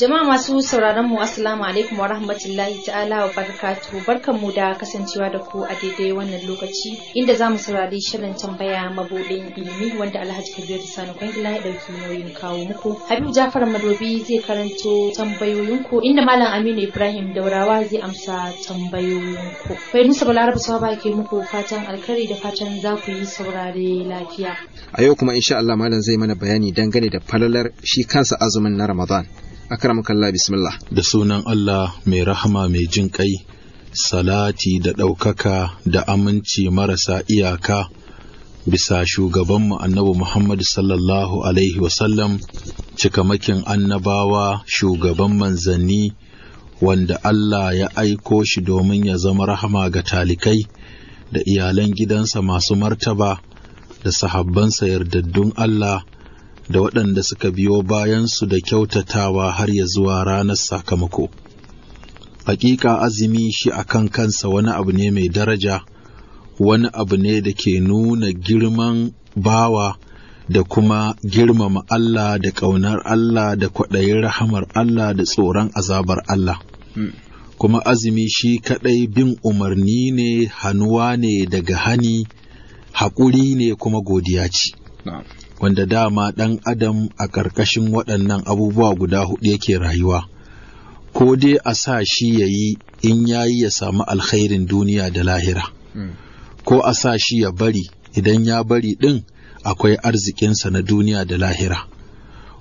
Jama'a masu sauraron mu Assalamu alaikum wa rahmatullahi ta'ala wa barakatuhu mu da kasancewa da ku a daidai wannan lokaci inda zamu saurari shirin tambaya mabudin ilimi wanda Alhaji Kabiru Sani Kwangila ya ɗauki nauyin kawo muku. Habib Jafar Madobi zai karanto tambayoyinku inda Malam Aminu Ibrahim Daurawa zai amsa tambayoyinku. Bai nusa Balarabu Saba ke muku fatan alkhairi da fatan za ku yi saurare lafiya. A yau kuma insha Allah Malam zai mana bayani dangane da falalar shi kansa azumin na Ramadan. akramakallah bismillah da sunan Allah mai rahama mai jin kai salati da ɗaukaka da aminci marasa iyaka bisa shugabanmu annabi Muhammad sallallahu alaihi wasallam cikamakin annabawa shugaban manzanni wanda Allah ya aiko shi domin ya zama rahama ga talikai da iyalan gidansa masu martaba da sahabbansa yardaddun Allah da waɗanda suka biyo bayansu da kyautatawa har ya zuwa ranar sakamako. Hakika azumi shi a kan kansa wani abu ne mai daraja, wani abu ne da ke nuna girman bawa da kuma girmama Allah da ƙaunar Allah da kwaɗayin rahamar Allah da tsoron azabar Allah. Hmm. Kuma azumi shi kaɗai bin umarni ne, hannuwa ne daga hani, haƙuri ne kuma godiya ce. wanda dama ɗan adam a ƙarƙashin waɗannan abubuwa guda huɗu yake rayuwa ko dai a sa shi ya yi in ya yi ya samu alkhairin duniya da lahira hmm. ko a sa shi ya bari idan ya bari ɗin akwai arzikinsa na duniya da lahira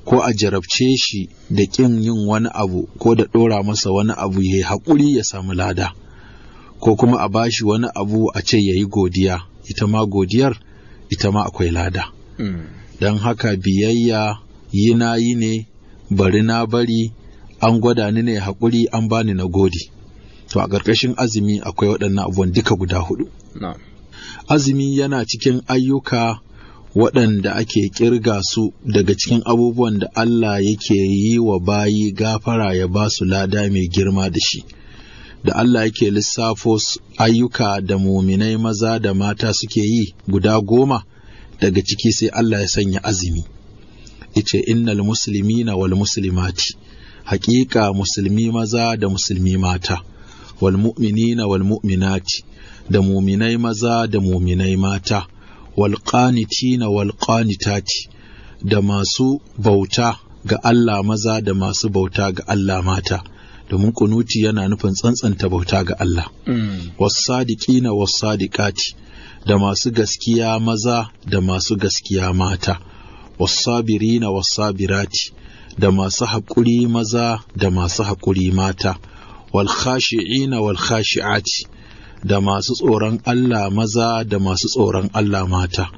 ko a jarabce shi da ƙin yin wani abu ko da ɗora masa wani abu ya yi haƙuri ya samu lada ko kuma a bashi wani abu a ce ya yi godiya ita ma godiyar ita ma akwai lada hmm. don haka biyayya yi na yi ne bari na bari an gwada ni ne haƙuri an bani na godi. to a ƙarƙashin azumi akwai waɗannan abubuwan duka guda hudu azumi yana cikin ayyuka waɗanda ake ƙirga su daga cikin abubuwan da Allah yake yi wa bayi gafara ya ba su lada mai girma da shi da Allah yake lissafo ayyuka da muminai maza da mata suke yi guda goma daga ciki sai Allah ya sanya azumi ice innal muslimina wal muslimati haƙiƙa musulmi maza da musulmi mata wal mu'minina wal mu'minati da muminai maza da muminai mata wal qanitina wal qanitati da masu bauta ga Allah maza da masu bauta ga Allah mata domin kunuti yana nufin tsantsanta bauta ga Allah mm. was Sadiqati. da masu gaskiya maza da masu gaskiya mata wasabirina wasabirati da masu haƙuri maza da masu haƙuri mata walhashi'ina walhashi'ati da masu tsoron Allah maza da masu tsoron Allah mata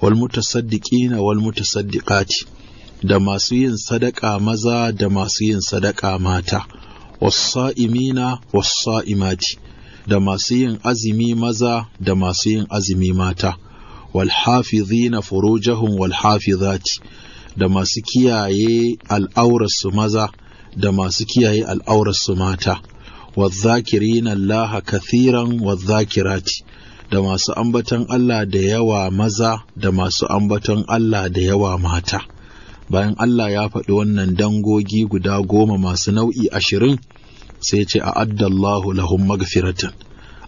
walmutasaddiqina walmutasaddiƙati da masu yin sadaka maza da masu yin sadaka mata wasa'imina wasa'imati da masu yin azumi maza da masu yin azumi mata walhafizina furojahun walhafizati da masu kiyaye al'aurarsu maza da masu kiyaye al'aurarsu mata na laha kathiran wazzakirati da masu ambaton Allah da yawa maza da masu ambaton Allah da yawa mata bayan Allah ya faɗi wannan dangogi guda goma masu nau'i ashirin sai ce a addallahu lahum magfiratan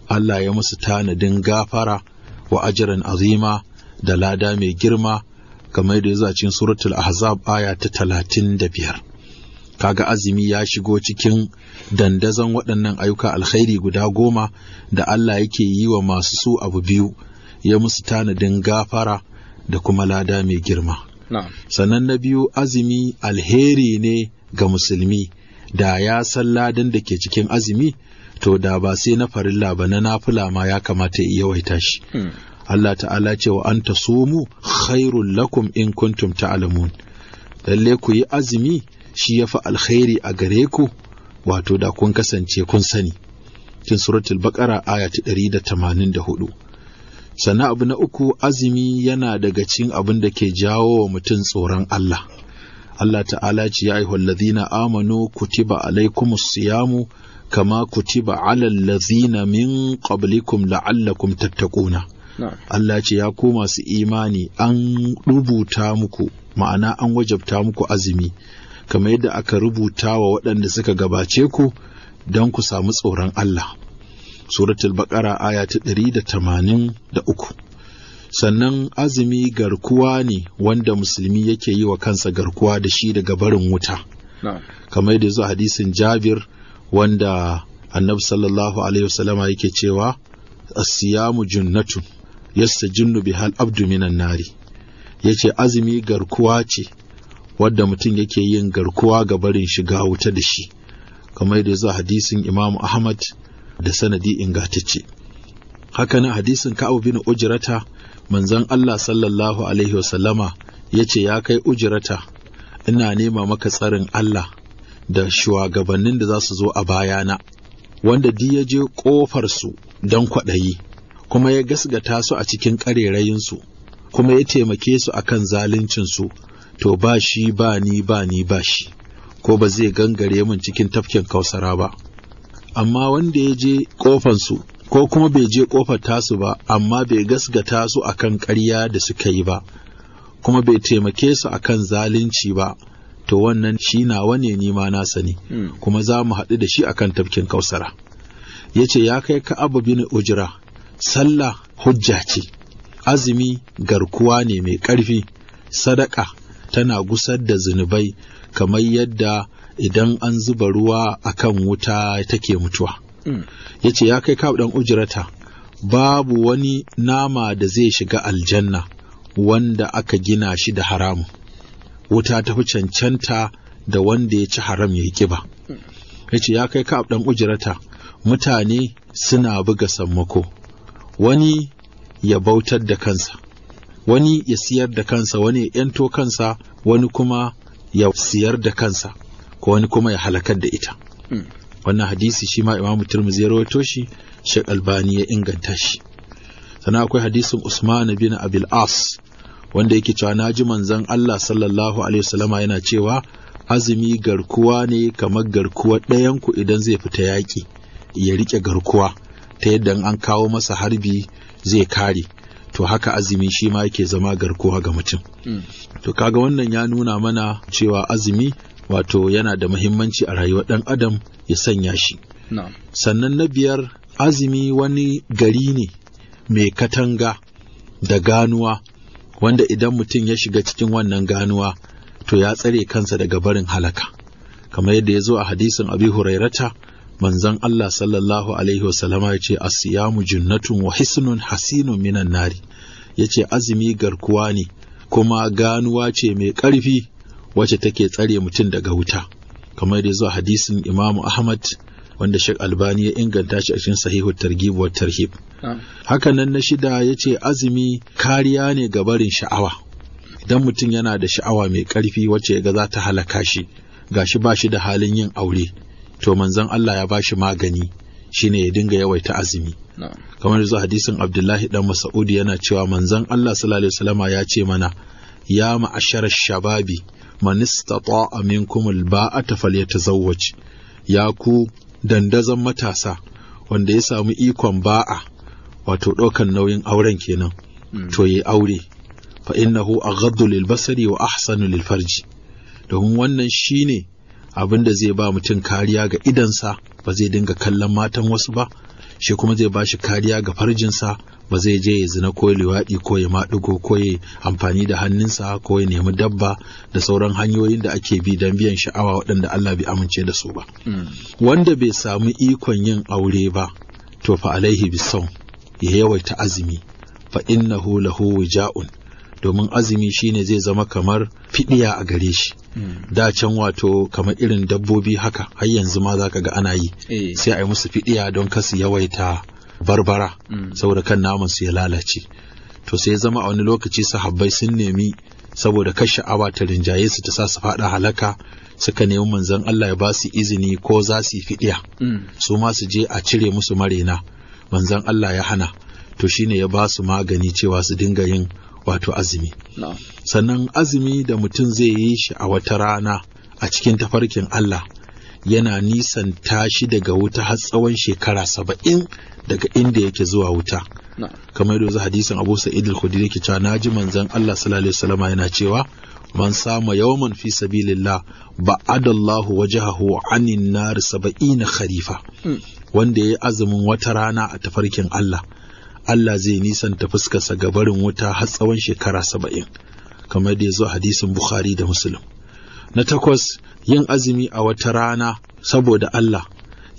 Allah ya musu tanadin gafara wa ajiran azima da lada mai girma kamar da ya cikin suratul ahzab aya ta talatin da biyar kaga azumi ya shigo cikin dandazon waɗannan ayyuka alkhairi guda goma da Allah yake yi wa masu su abu biyu ya musu tanadin gafara da kuma lada mai girma sannan na biyu azumi alheri ne ga musulmi da ya san ladan da ke cikin azumi to da ba sai na farilla ba na nafila ma ya kamata ya yawaita shi hmm. Allah ta'ala ce wa anta sumu khairul lakum in kuntum ta'lamun lalle ku yi azumi shi ya yafi alkhairi a gare ku wato da kun kasance kun sani cikin suratul baqara aya ta 184 sannan abu na uku azumi yana daga cikin abin da ke jawo wa mutum tsoron Allah Allah ta'ala ce ya ayyuhal Ladina amanu kutiba alaikumus siyamu kama kutiba alal Ladina min qablikum la'allakum tattaquna Allah ce ya ku masu imani an rubuta muku ma'ana an wajabta muku azumi kamar yadda aka rubuta wa waɗanda suka gabace ku don ku samu tsoron Allah suratul baqara aya ta 183 sannan azumi garkuwa ne wanda musulmi yake yi wa kansa garkuwa da shi daga barin wuta kamar yadda zuwa hadisin jabir wanda annabi sallallahu alaihi wasallama yake cewa asiyamu junnatu yasta junnu bihal abdu minan nari yace azumi garkuwa ce wadda mutum yake yin garkuwa ga barin shiga wuta da shi kamar yadda zuwa hadisin imamu ahmad da sanadi ingantacce haka nan hadisin ka'ab bin ujrata manzon Allah sallallahu alaihi wasallama ya ce ya kai ujirata ina nema maka tsarin Allah da shugabannin da za su zo a bayana wanda di ya je ƙofarsu don kwaɗayi kuma ya gasgata su a cikin ƙarerayinsu kuma ya taimake su a kan zaluncinsu to ba shi ba ni ba ni ba shi ko ba zai gangare min cikin tafkin kausara ba amma wanda ya je ƙofansu ko kuma bai je ƙofar tasu ba amma bai gasgata su akan ƙarya da suka yi ba kuma bai taimake su akan zalunci ba to wannan shi nawa ne nima na sani hmm. kuma za mu haɗu da shi akan tafkin kausara ya ce ya kai ka abu bin ujira sallah hujja ce azumi garkuwa ne mai ƙarfi sadaka tana gusar da zunubai kamar yadda idan an zuba ruwa akan wuta take mutuwa Mm. ya ce ya kai kawo ɗan ujirata babu wani nama da zai shiga aljanna wanda aka gina shi da haramu wuta ta fi cancanta da wanda ya ci haram ya yi ƙiba mm. ya ce ya kai kawo ɗan ujirata mutane suna buga sammako wani ya bautar da kansa wani ya siyar da kansa wani ya ‘yanto kansa wani kuma ya siyar da kansa ko wani kuma ya halakar da ita. Mm. wannan hadisi shi ma imamu turmuzi ya rawaito shi shek albani ya inganta shi sannan akwai hadisin usman bin abil as wanda yake cewa na ji manzon Allah sallallahu alaihi wasallama yana cewa azumi garkuwa ne kamar garkuwa ɗayan ku idan zai fita yaƙi ya riƙe garkuwa ta yadda an kawo masa harbi zai kare to haka azumi shi ma yake zama garkuwa ga mutum hmm. to kaga wannan ya nuna mana cewa azumi wato yana da muhimmanci a rayuwar ɗan adam ya sanya shi sannan na biyar azumi wani gari ne mai katanga da ganuwa wanda idan mutum ya shiga cikin wannan ganuwa to ya tsare kansa daga barin halaka kamar yadda ya zo a hadisin abi hurairata manzon Allah sallallahu alaihi wasallama ya ce asiyamu junnatun wa hisnun hasinun minan nari ya ce azumi garkuwa ne kuma ganuwa ce mai ƙarfi wacce take tsare mutum daga wuta kamar da zuwa hadisin imamu Ahmad wanda shek Albani ya inganta shi a cikin sahihu targhib wa tarhib haka nan na shida yace azumi kariya ne ga barin sha'awa idan mutum yana da sha'awa mai karfi wacce ga za ta halaka shi gashi ba shi da halin yin aure to manzon Allah ya ba shi magani shine ya dinga yawaita azumi kamar zuwa hadisin Abdullahi dan masaudi yana cewa manzon Allah sallallahu alaihi wasallama ya ce mana ya ma'ashara shababi man istata'a minkum alba'ata falyatazawwaj ya ku dandazon matasa wanda ya samu ikon ba'a wato ɗaukan nauyin auren kenan mm. to yi aure fa innahu aghaddu lil basari wa ahsanu lil farji domin wannan shine abin da zai ba mutum kariya ga idansa ba zai dinga kallon matan wasu ba shi kuma zai ba shi kariya ga farjinsa ba zai je ya zina ko liwaɗi ko ya maɗigo ko ya amfani da hannunsa ko ya nemi dabba da sauran hanyoyin da ake bi don biyan sha'awa waɗanda Allah bai amince da su ba. Wanda bai samu ikon yin aure ba, to fa alaihi bisau ya yawaita azumi fa innahu lahu wija'un domin azumi shine zai zama kamar fidiya a gare shi da can wato kamar irin dabbobi haka har yanzu ma zaka ga ana yi eh. sai a yi musu fidiya don kasu yawaita barbara mm. saboda kan naman su ya lalace to sai zama a wani lokaci sahabbai sun nemi saboda kar sha'awa ta rinjaye su ta sa su fada halaka suka nemi manzon Allah ya ba su izini ko za su yi fidiya mm. su ma su je a cire musu marena manzon Allah ya hana to shine ya ba su magani cewa su dinga yin wato azumi sannan azumi da mutum zai yi shi a wata rana a cikin tafarkin Allah yana nisan tashi daga wuta har tsawon shekara saba'in daga inda yake zuwa wuta kamar yadda hadisin Abu Sa'id al-Khudri yake cewa naji manzon Allah sallallahu alaihi yana cewa man sama yawman fi sabilillah ba'adallahu wajhahu anin nar na kharifa hmm. wanda ya yi azumin wata rana a tafarkin Allah Allah zai nisanta fuskarsa ga barin wuta har tsawon shekara saba'in kamar da ya zo hadisin Bukhari da Muslim. Na takwas yin azumi a wata rana saboda Allah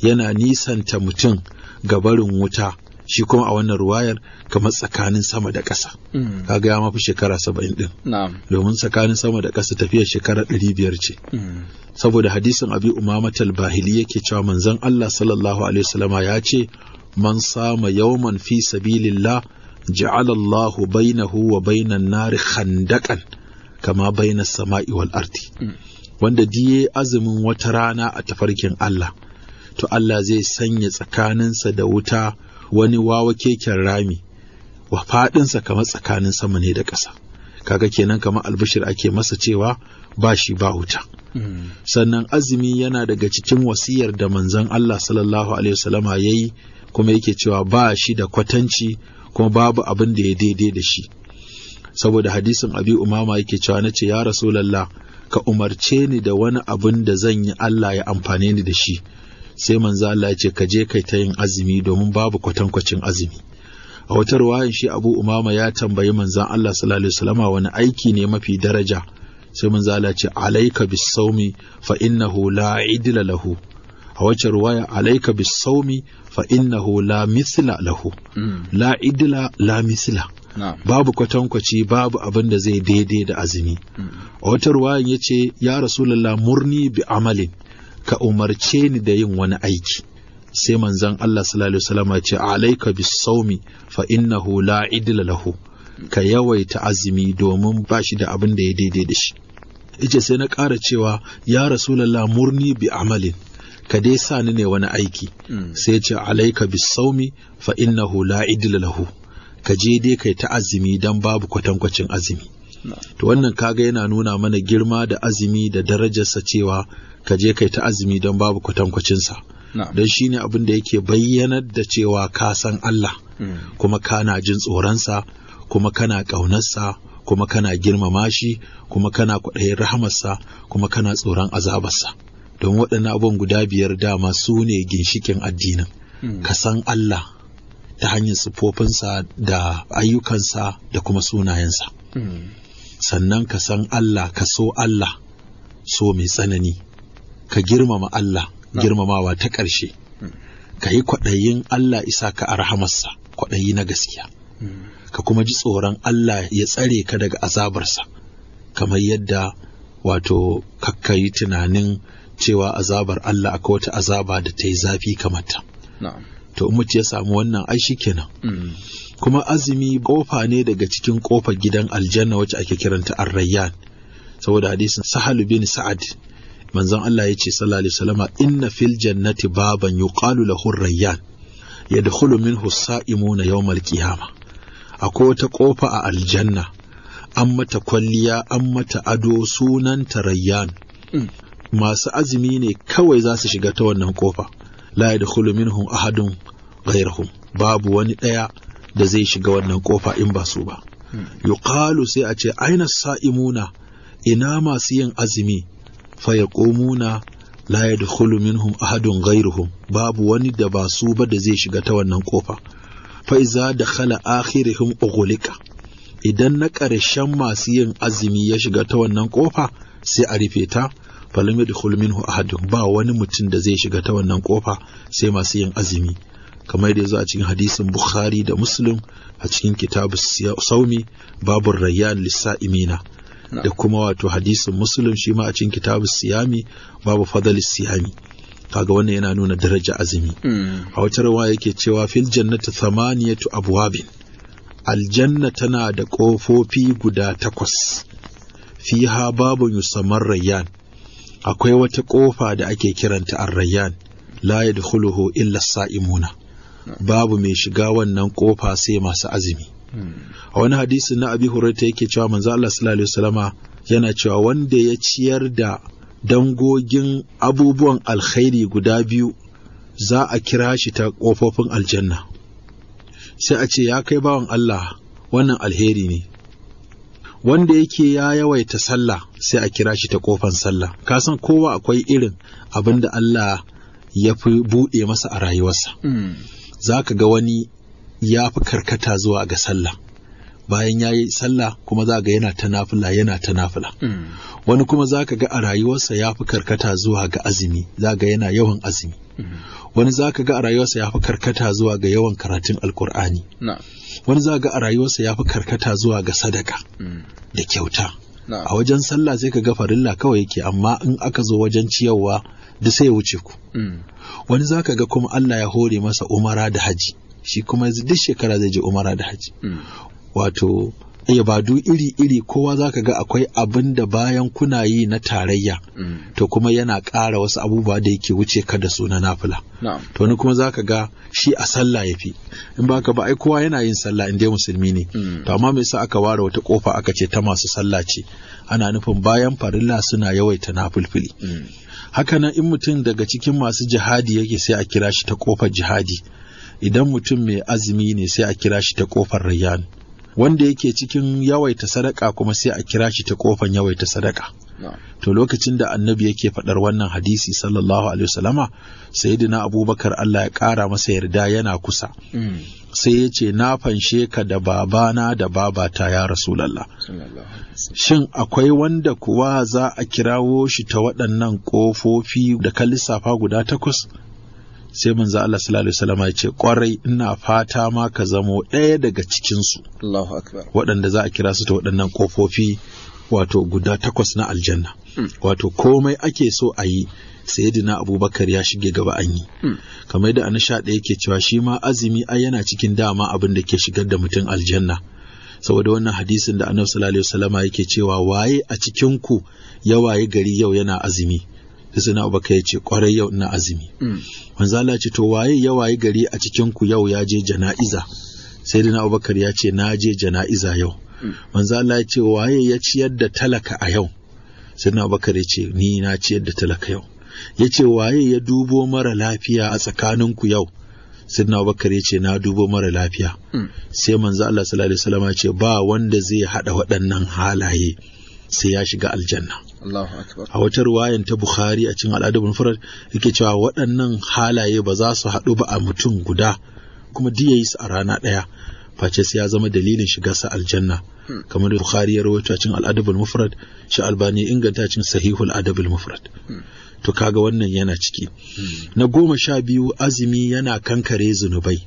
yana nisanta mutum ga barin wuta shi kuma a wannan ruwayar kamar tsakanin sama da ƙasa. Mm. Kaga ya mafi shekara saba'in ɗin. Domin tsakanin sama da ƙasa tafiyar shekara ɗari biyar ce. Mm. Saboda hadisin Abi Umama Talbahili yake cewa manzon Allah sallallahu alaihi wasallama ya ce man sama yawman fi sabilillah ja'alallahu Allahu bainahu wa bainan nari khandaqan kama baina sama'i wal arti. wanda diye azumin wata rana a tafarkin Allah to Allah zai sanya tsakaninsa da wuta wani wawa keken rami wa faɗinsa kama tsakanin sama ne da ƙasa kaga kenan kama albishir ake masa cewa ba shi ba wuta hmm. sannan azumi yana daga cikin wasiyar da manzon Allah sallallahu alaihi wasallama yayi kuma yake cewa ba shi da kwatanci kuma babu abin da ya daidai da shi saboda hadisin abi umama yake cewa na ce ya rasulallah ka umarce ni da wani abin da zan yi Allah ya amfane ni da shi sai manzo Allah ya ka je kai ta yin azumi domin babu kwatankwacin azumi a wata ruwayan shi Abu Umama ya tambayi manzon Allah sallallahu alaihi wasallama wani aiki ne mafi daraja sai manzo Allah ya ce alayka bis-sawmi fa innahu la idla lahu a wacce ruwaya alaika bis saumi fa innahu la misla lahu mm. la idla la misla babu kwatankwaci babu abin da zai daidai da azumi mm. a wata ruwayan ya ce ya rasulullah murni bi amalin ka umarce ni da yin wani aiki sai manzon Allah sallallahu alaihi wasallam ya ce alaika bis saumi fa innahu la idla lahu ka yawaita azumi domin ba shi da abin da ya daidai da shi ice sai na ƙara cewa ya rasulullah murni bi amalin ka dai sa ni ne wani aiki hmm. sai ce alaika bisaumi fa innahu la idla lahu ka je dai kai ta azumi dan babu kwatankwacin azumi to wannan kaga yana nuna mana girma da azumi da darajarsa cewa ka je kai ta azumi dan babu kwatankwacinsa don shi ne abin da yake bayyanar da cewa ka san Allah hmm. kuma kana jin tsoronsa kuma kana ƙaunarsa kuma kana girmama shi kuma kana kwaɗayin rahamarsa kuma kana tsoron azabarsa Don waɗannan abubuwan guda biyar dama su ne ginshikin addinin hmm. ka san Allah ta hanyar siffofinsa da ayyukansa da kuma sunayensa hmm. sannan ka san Allah ka so Allah so mai tsanani ka girmama Allah girmamawa ta ƙarshe hmm. ka yi kwaɗayin Allah isa ka a rahamarsa kwaɗayi na gaskiya ka kuma ji tsoron Allah ya tsare ka daga azabarsa kamar yadda wato kakkayi tunanin cewa azabar Allah akwai wata azaba da ta yi zafi kamar to in ya samu wannan ai kenan mm. kuma azumi kofa ne daga cikin kofar gidan aljanna wacce ake kiranta ar-rayyan saboda hadisin sahal bin sa'ad manzon Allah ya ce sallallahu alaihi wasallama inna fil jannati baban yuqalu lahu ar-rayyan yadkhulu minhu as-sa'imuna yawm al-qiyamah akwai wata kofa a aljanna an mata kwalliya an mata ado sunanta rayyan mm. masu azumi ne kawai za su shiga ta wannan kofa la yadkhulu minhum ahadun ghayrahum babu wani ɗaya da zai shiga wannan kofa in ba su ba hmm. yuqalu sai a ce aina sa'imuna ina masu yin azumi fa yaqumuna la yadkhulu minhum ahadun ghayruhum babu wani da ba su ba da zai shiga ta wannan kofa fa iza dakhala akhirihim ughliqa idan na ƙarshen masu yin azumi ya shiga ta wannan kofa sai a rufe ta falam yadkhul minhu ahad ba wani mutum da zai shiga ta wannan kofa sai masu yin azumi kamar da yazo a cikin hadisin Bukhari da Muslim a cikin kitabu saumi babu rayyan lisa'imina da kuma wato hadisin Muslim shi ma a cikin kitabu siyami babu fadal siyami kaga wannan yana nuna daraja azumi hmm. a wata rawa yake cewa fil jannati thamaniyatu abwabin aljanna tana da kofofi guda takwas fiha babu yusamar rayyan akwai wata ƙofa da ake kiranta arrayyan la yadkhuluhu illa sa'imuna babu mai shiga wannan ƙofa sai masu azumi a wani hadisi na abi yake cewa manzo Allah sallallahu alaihi wasallama yana cewa wanda ya ciyar da dangogin abubuwan alkhairi guda biyu za a kira shi ta ƙofofin aljanna sai a ce ya kai bawan Allah wannan alheri ne wanda yake ya yawaita sallah sai a kira shi ta kofan sallah kasan kowa akwai irin abin da Allah ya fi buɗe masa a rayuwarsa hmm. za ka ga wani ya fi karkata zuwa ga sallah bayan ya yi sallah kuma za ga yana ta nafila yana ta nafila hmm. wani kuma za ka ga a rayuwarsa ya fi karkata zuwa ga azumi za ga yana yawan azumi hmm. wani za ka ga a rayuwarsa ya fi karkata zuwa ga yawan karatun alkur'ani wani za ga a rayuwarsa ya fi karkata zuwa ga sadaka hmm. da kyauta a wajen sallah sai ka ga farilla kawai yake amma in aka zo wajen ciyawa da sai wuce ku wani za ka ga kuma Allah ya hore masa umara da haji shi kuma duk shekara zai je umara da haji wato ibadu iri-iri kowa za ka ga akwai abin da bayan kuna yi na tarayya mm. to kuma yana ƙara wasu abubuwa da yake wuce ka da su na nafila to ni kuma za ka ga shi a sallah ya fi in ba ka ba ai kowa yana yin sallah inda dai musulmi ne mm. to amma me yasa aka ware wata kofa aka ce ta masu sallah ce ana nufin bayan farilla suna yawaita nafilfili mm. Haka hakanan in mutum daga cikin masu jihadi yake sai a kira shi ta kofar jihadi idan mutum mai azumi ne sai a kira shi ta kofar rayyan wanda yake cikin yawaita sadaka kuma sai a kira shi ta kofan yawaita sadaka to lokacin da annabi yake faɗar wannan hadisi sallallahu alaihi wasallama sayyidina abubakar Allah ya ƙara masa yarda yana kusa mm. sai ya ce na fanshe ka da babana da babata ya rasulallah shin akwai wanda kuwa za a kirawo shi ta waɗannan ƙofofi da ka lissafa guda takwas sai manzo Allah sallallahu alaihi wasallam ya ce kwarai ina fata ma ka zamo ɗaya daga cikin su Allahu akbar waɗanda za a kira su ta waɗannan kofofi wato guda takwas na aljanna hmm. wato komai ake so a yi sayyidina abubakar ya shige gaba an yi hmm. kamar da anisha ɗaya yake cewa shi ma azumi ai yana cikin dama abin da ke shigar da mutum aljanna saboda wannan hadisin da annabi sallallahu alaihi wasallama yake cewa waye a cikin ku ya waye gari yau yana azumi sai na abubakar kai ce kwarai yau ina azumi wanzu mm. Allah ce to waye ya wayi gari a cikin ku yau ya je jana'iza sai na abubakar ya ce na je jana'iza yau wanzu mm. Allah ya ce waye ya ciyar da talaka a yau sai na abubakar ya ce ni na ciyar da talaka yau ya ce waye ya dubo mara lafiya a tsakaninku yau sidna abubakar ya ce na dubo mara lafiya mm. sai manzo Allah sallallahu alaihi wasallam ya ce ba wanda zai hada waɗannan halaye sai ya shiga aljanna a wata ruwayan ta bukhari a cikin al'adabul mufrad yake cewa waɗannan halaye ba za su haɗu ba a mutum guda kuma diya yi su a rana ɗaya face su ya zama dalilin shiga sa aljanna hmm. kamar da bukhari ya rawaito a cikin al'adabul mufrad shi albani inganta cin sahihul adabul mufrad hmm. to kaga wannan yana ciki hmm. na goma sha biyu azumi yana kankare zunubai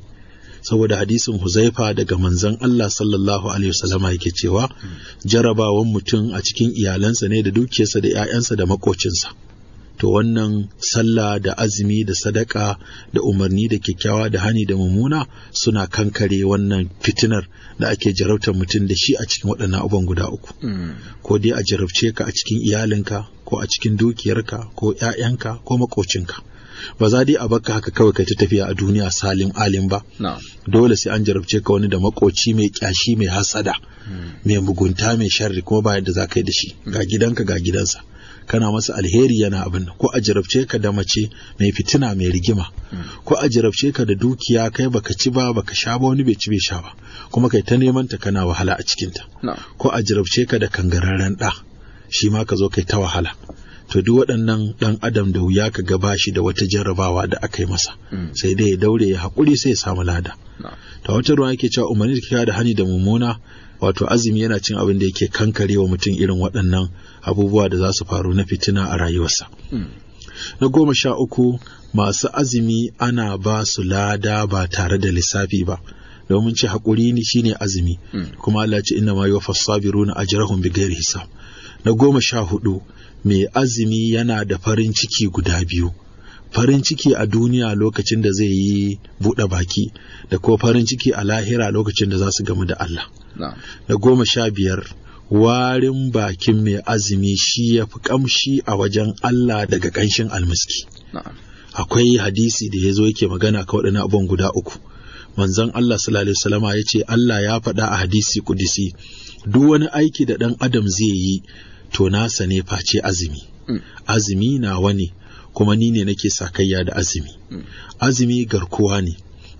saboda hadisin huzaifa daga manzan Allah sallallahu alaihi wasallama yake cewa jarabawan mutum a cikin iyalansa ne da dukiyarsa da 'ya'yansa da makocinsa to wannan sallah da azumi da sadaka da umarni da kyakkyawa da hani da mummuna suna kankare wannan fitinar da ake jarabtar mutum da shi a cikin waɗannan abubuwan guda uku mm. ko dai a jarabce ka a cikin iyalinka ko a cikin dukiyarka ko 'ya'yanka ko makocinka ba za dai a baka haka kawai kai ta tafiya a duniya salim alim ba dole sai an jarabce ka wani da makoci mai kyashi mai hasada hmm. mai mugunta mai sharri kuma ba yadda za ka yi da shi hmm. ga gidanka ga gidansa kana masa alheri yana abin ko a jarabce ka da mace mai fitina mai rigima hmm. ko a jarabce ka da dukiya kai baka ci ba baka sha ba wani bai ci bai sha ba kuma kai ta neman ta kana wahala a cikinta ko a jarabce ka da kangararren ɗa shi ma ka zo kai ta wahala to duk waɗannan ɗan adam da wuya ka gaba shi da wata jarrabawa da aka yi masa hmm. sai dai ya daure ya haƙuri sai ya samu lada ta wata ruwa yake cewa umarni da kika da hani da mummuna wato azumi yana cin abin da yake kankare wa mutum irin waɗannan abubuwa da za su faru na fitina a rayuwarsa hmm. na goma sha uku masu azumi ana ba su lada ba tare da lissafi ba domin ce haƙuri ne shine azumi hmm. kuma Allah ce inna ma yuwaffas sabiruna ajrahum bighairi hisab na goma sha hudu mai azumi yana da farin ciki guda biyu farin ciki a duniya lokacin da zai yi buɗe baki da ko farin ciki a lahira lokacin da za su gamu da Allah da goma sha biyar warin bakin mai azumi shi ya fi ƙamshi a wajen Allah daga ƙanshin almiski akwai hadisi da ya zo yake magana ka waɗannan abubuwan guda uku manzon Allah sallallahu alaihi ya ce Allah ya faɗa a hadisi kudisi duk wani aiki da ɗan adam zai yi to nasa ne face azumi mm. azumi nawa ne kuma ni ne nake sakayya da azumi mm. azumi garkuwa ne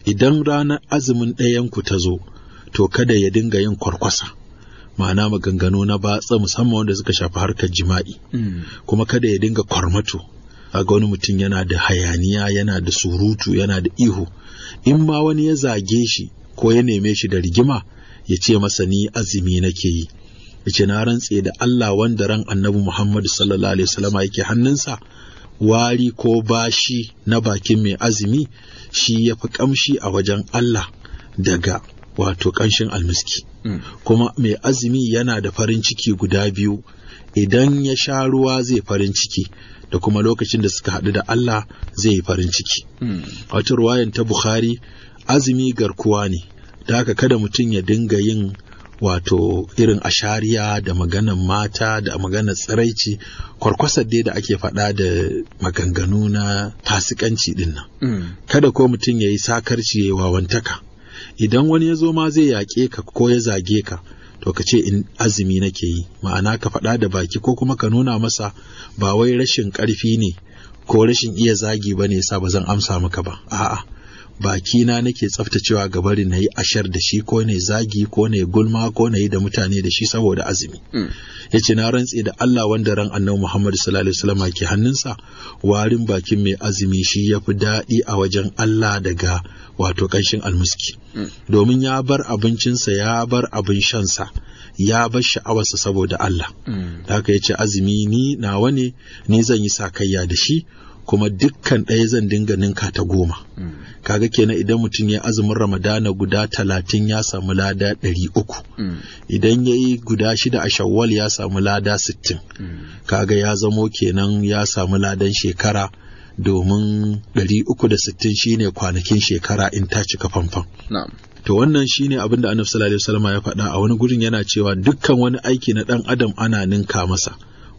idan ranar azumin ɗayanku ta zo to kada ya dinga yin kwarkwasa ma'ana maganganu na batsa musamman wanda suka shafi harkar jima'i mm. kuma kada ya dinga kwarmato a wani mutum yana da hayaniya yana da surutu yana da ihu in ma wani ya zage shi ko ya neme shi da rigima ya ce masa ni azumi nake yi yace na rantse da Allah wanda ran Annabi Muhammadu sallallahu alaihi wasallama yake hannunsa wari ko bashi na bakin mai azumi shi yafi fi kamshi a wajen Allah daga wato kanshin almiski hmm. kuma mai azumi yana da farin ciki guda biyu idan ya sha ruwa zai farin ciki da kuma lokacin da suka haɗu da Allah zai yi farin ciki. Hmm. Wato ruwayan ta Bukhari azumi garkuwa ne, da haka kada mutum ya dinga yin wato irin ashariya da maganan mata da maganar tsiraici kwarkwasar dai da ake faɗa da maganganu na fasikanci din nan mm. kada ko mutum ya yi sakarci ya yi wawantaka idan wani ya zo ma zai yaƙe ka ko ya zage ka to ka ce in azumi nake yi ma'ana ka faɗa da baki ko kuma ka nuna masa ba wai rashin ƙarfi ne ko rashin iya zagi ba ne yasa ba zan amsa maka ba a'a bakina nake tsaftacewa ga bari na yi ashar da shi ko ne zagi ko ne gulma ko ne da mutane da shi saboda azumi mm. Yace na rantse da Allah wanda ran annabi Muhammad sallallahu alaihi wasallam ke hannunsa warin bakin mai azumi shi ya fi daɗi a wajen Allah daga wato ƙanshin almuski mm. domin ya bar abincinsa ya bar abin shansa ya bar sha'awarsa saboda Allah mm. da haka ya azumi ni nawa ne ni zan yi sakayya da shi kuma dukkan ɗaya zan dinga ninka ta goma hmm. kaga kenan idan mutum ya azumin ramadana guda talatin ya samu lada ɗari uku hmm. idan ya yi guda shida a shawwal ya samu lada sittin hmm. kaga ya zamo kenan ya samu ladan shekara domin ɗari uku da sittin shine kwanakin shekara in ta cika fanfan to wannan shine abin da annabi sallallahu alaihi ya faɗa a wani gurin yana cewa dukkan wani aiki na ɗan adam ana ninka masa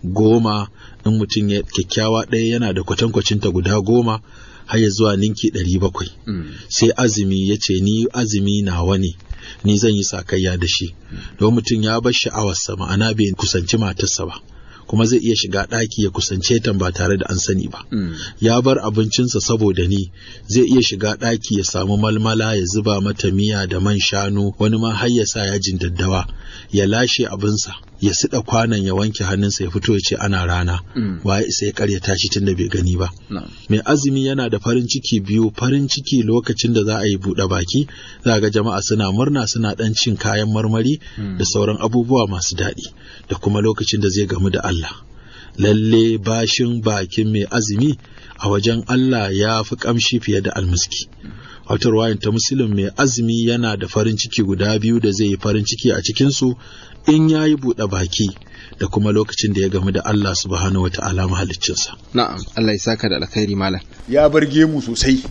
goma in mutum ya kyakkyawa ɗaya yana da kwatankwacinta guda goma har ya zuwa ninki ɗari bakwai mm. sai azumi ya ce ni azumi nawa ne ni zan yi sakayya da shi mm. don mutum ya bar sama ma'ana bai kusanci matarsa ba kuma zai iya shiga ɗaki ya kusance ta ba tare da an sani ba mm. ya bar abincinsa saboda ni zai iya shiga ɗaki ya samu malmala ya zuba mata miya da man shanu wani ma har ya sa yajin daddawa ya lashe abinsa ya siɗa kwanan ya wanke hannunsa ya fito ya ce ana rana mm. waye isa ya karyata shi da bai gani ba mai azumi yana da farin ciki biyu farin ciki lokacin da za a yi buɗe baki za ga jama'a suna murna suna ɗan cin kayan marmari mm. da sauran abubuwa masu daɗi da kuma lokacin da zai gamu da Allah lalle bashin bakin mai azumi a wajen Allah ya fi ƙamshi fiye da almiski wata ruwayan ta musulun mai azumi yana da farin ciki guda biyu da zai yi farin ciki a cikinsu in ya yi buɗe baki da kuma lokacin da ya gamu da Allah subhanahu wata'ala mahaliccinsa. Na'am, Allah ya saka da alkhairi malam. Ya bar gemu sosai.